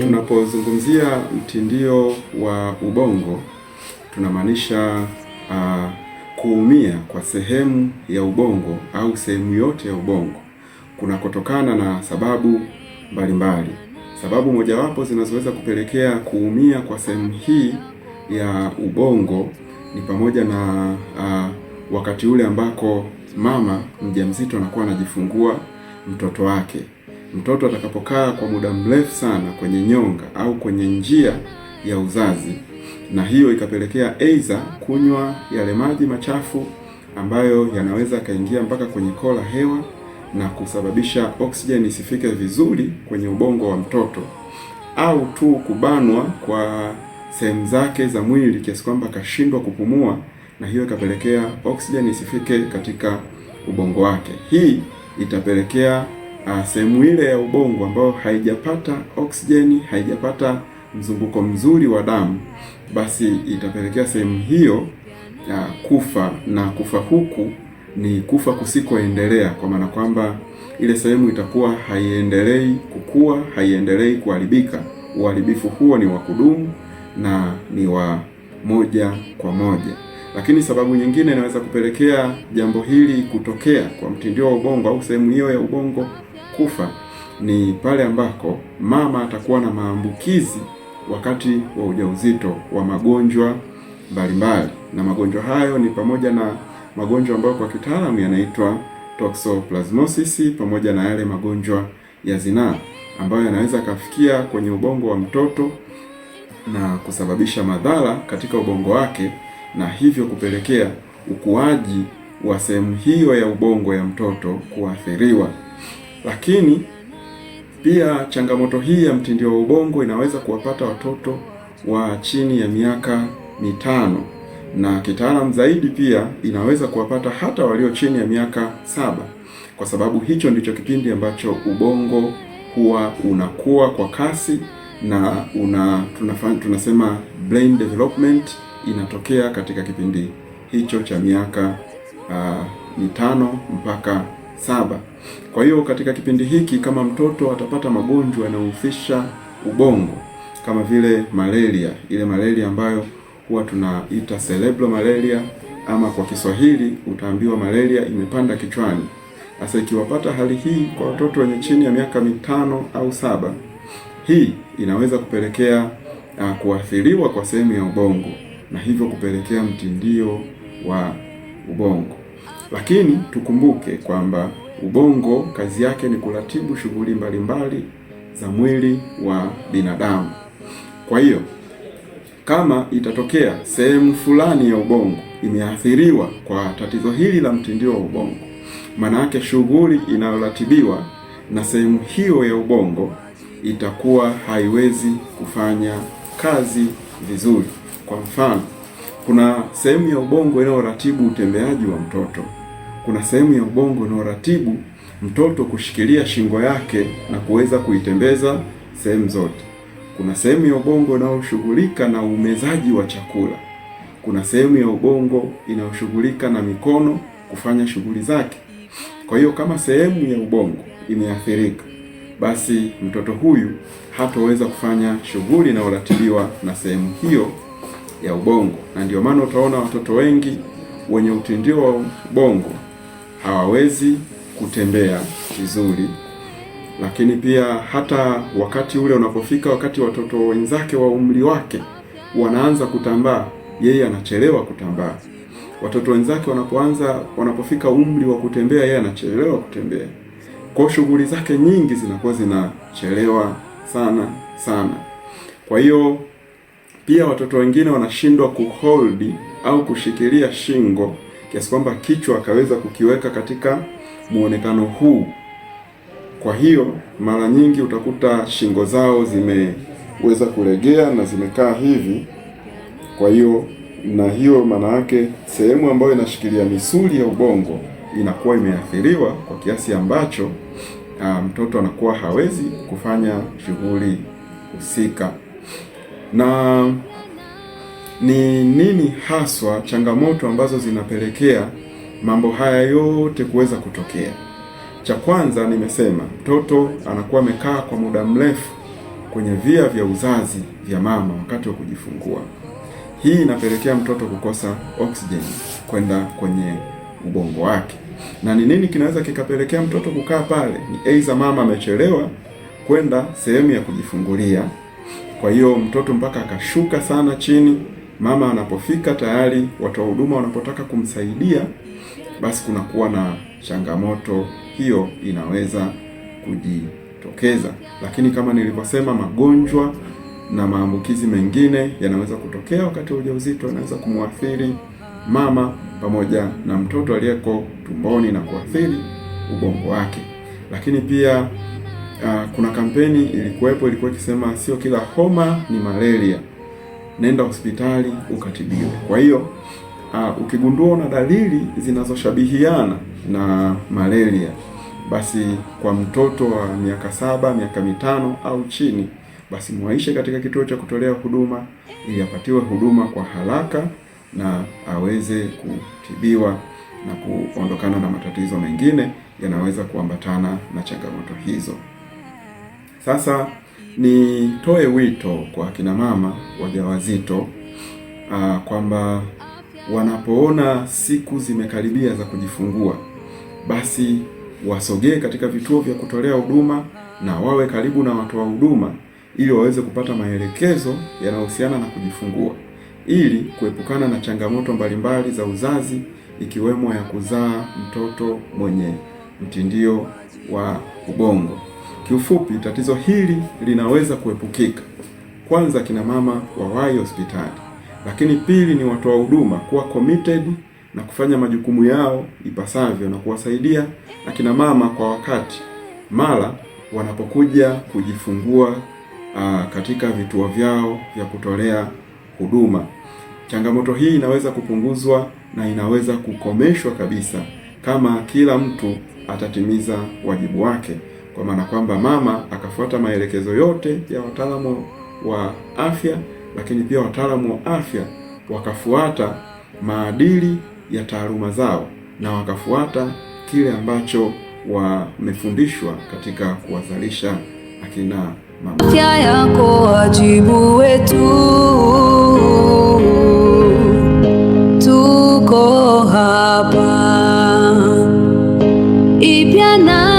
Tunapozungumzia mtindio wa ubongo tunamaanisha uh, kuumia kwa sehemu ya ubongo au sehemu yote ya ubongo kunakotokana na sababu mbalimbali. Sababu mojawapo zinazoweza kupelekea kuumia kwa sehemu hii ya ubongo ni pamoja na uh, wakati ule ambako mama mjamzito anakuwa anajifungua mtoto wake. Mtoto atakapokaa kwa muda mrefu sana kwenye nyonga au kwenye njia ya uzazi, na hiyo ikapelekea aidha kunywa yale maji machafu ambayo yanaweza akaingia mpaka kwenye kola hewa na kusababisha oksijeni isifike vizuri kwenye ubongo wa mtoto, au tu kubanwa kwa sehemu zake za mwili kiasi kwamba akashindwa kupumua, na hiyo ikapelekea oksijeni isifike katika ubongo wake. Hii itapelekea Ah, sehemu ile ya ubongo ambayo haijapata oksijeni, haijapata mzunguko mzuri wa damu, basi itapelekea sehemu hiyo ya kufa, na kufa huku ni kufa kusikoendelea, kwa maana kwamba ile sehemu itakuwa haiendelei kukua, haiendelei kuharibika. Uharibifu huo ni wa kudumu na ni wa moja kwa moja. Lakini sababu nyingine inaweza kupelekea jambo hili kutokea kwa mtindio wa ubongo au sehemu hiyo ya ubongo kufa ni pale ambako mama atakuwa na maambukizi wakati wa ujauzito wa magonjwa mbalimbali, na magonjwa hayo ni pamoja na magonjwa ambayo kwa kitaalamu yanaitwa toxoplasmosis pamoja na yale magonjwa ya zinaa ambayo yanaweza kafikia kwenye ubongo wa mtoto na kusababisha madhara katika ubongo wake na hivyo kupelekea ukuaji wa sehemu hiyo ya ubongo ya mtoto kuathiriwa. Lakini pia changamoto hii ya mtindio wa ubongo inaweza kuwapata watoto wa chini ya miaka mitano na kitaalamu zaidi pia inaweza kuwapata hata walio chini ya miaka saba, kwa sababu hicho ndicho kipindi ambacho ubongo huwa unakuwa kwa kasi na una tunafan, tunasema brain development inatokea katika kipindi hicho cha miaka ah, mitano mpaka saba. Kwa hiyo katika kipindi hiki kama mtoto atapata magonjwa yanayohusisha ubongo kama vile malaria, ile malaria ambayo huwa tunaita cerebral malaria ama kwa Kiswahili utaambiwa malaria imepanda kichwani. Sasa ikiwapata hali hii kwa watoto wenye chini ya miaka mitano au saba, hii inaweza kupelekea uh, kuathiriwa kwa sehemu ya ubongo na hivyo kupelekea mtindio wa ubongo. Lakini tukumbuke kwamba ubongo kazi yake ni kuratibu shughuli mbalimbali za mwili wa binadamu. Kwa hiyo kama itatokea sehemu fulani ya ubongo imeathiriwa kwa tatizo hili la mtindio wa ubongo, maana yake shughuli inayoratibiwa na sehemu hiyo ya ubongo itakuwa haiwezi kufanya kazi vizuri. Kwa mfano kuna sehemu ya ubongo inayoratibu utembeaji wa mtoto. Kuna sehemu ya ubongo inayoratibu mtoto kushikilia shingo yake na kuweza kuitembeza sehemu zote. Kuna sehemu ya ubongo inayoshughulika na umezaji wa chakula. Kuna sehemu ya ubongo inayoshughulika na mikono kufanya shughuli zake. Kwa hiyo kama sehemu ya ubongo imeathirika, basi mtoto huyu hataweza kufanya shughuli inayoratibiwa na sehemu hiyo ya ubongo, na ndio maana utaona watoto wengi wenye utindio wa ubongo hawawezi kutembea vizuri, lakini pia hata wakati ule unapofika, wakati watoto wenzake wa umri wake wanaanza kutambaa, yeye anachelewa kutambaa. Watoto wenzake wanapoanza, wanapofika umri wa kutembea, yeye anachelewa kutembea. Kwa shughuli zake nyingi zinakuwa zinachelewa sana sana. Kwa hiyo pia watoto wengine wanashindwa kuholdi au kushikilia shingo kiasi kwamba kichwa akaweza kukiweka katika muonekano huu. Kwa hiyo mara nyingi utakuta shingo zao zimeweza kulegea na zimekaa hivi. Kwa hiyo na hiyo maana yake sehemu ambayo inashikilia misuli ya ubongo inakuwa imeathiriwa kwa kiasi ambacho a, ah, mtoto anakuwa hawezi kufanya shughuli husika na ni nini haswa changamoto ambazo zinapelekea mambo haya yote kuweza kutokea? Cha kwanza nimesema, mtoto anakuwa amekaa kwa muda mrefu kwenye via vya uzazi vya mama wakati wa kujifungua. Hii inapelekea mtoto kukosa oksijeni kwenda kwenye ubongo wake. Na ni nini kinaweza kikapelekea mtoto kukaa pale? Ni aidha mama amechelewa kwenda sehemu ya kujifungulia kwa hiyo mtoto mpaka akashuka sana chini. Mama anapofika tayari, watu wa huduma wanapotaka kumsaidia, basi kunakuwa na changamoto hiyo inaweza kujitokeza. Lakini kama nilivyosema, magonjwa na maambukizi mengine yanaweza kutokea wakati wa ujauzito, yanaweza kumwathiri mama pamoja na mtoto aliyeko tumboni na kuathiri ubongo wake, lakini pia uh, kuna kampeni ilikuwepo, ilikuwa ikisema sio kila homa ni malaria, nenda hospitali ukatibiwe. Kwa hiyo uh, ukigundua una dalili zinazoshabihiana na malaria, basi kwa mtoto wa miaka saba, miaka mitano au chini, basi mwaishe katika kituo cha kutolea huduma ili apatiwe huduma kwa haraka na aweze kutibiwa na kuondokana na matatizo mengine yanaweza kuambatana na changamoto hizo. Sasa nitoe wito kwa akina mama wajawazito ah, kwamba wanapoona siku zimekaribia za kujifungua, basi wasogee katika vituo vya kutolea huduma na wawe karibu na watoa huduma ili waweze kupata maelekezo yanayohusiana na kujifungua ili kuepukana na changamoto mbalimbali za uzazi ikiwemo ya kuzaa mtoto mwenye mtindio wa ubongo. Kiufupi, tatizo hili linaweza kuepukika. Kwanza, kina mama wawahi hospitali, lakini pili ni watoa huduma kuwa committed na kufanya majukumu yao ipasavyo na kuwasaidia akina mama kwa wakati mara wanapokuja kujifungua aa, ah, katika vituo vyao vya kutolea huduma. Changamoto hii inaweza kupunguzwa na inaweza kukomeshwa kabisa kama kila mtu atatimiza wajibu wake kwa maana kwamba mama akafuata maelekezo yote ya wataalamu wa afya, lakini pia wataalamu wa afya wakafuata maadili ya taaluma zao na wakafuata kile ambacho wamefundishwa katika kuwazalisha akina mama. Afya yako wajibu wetu, tuko hapa ipya na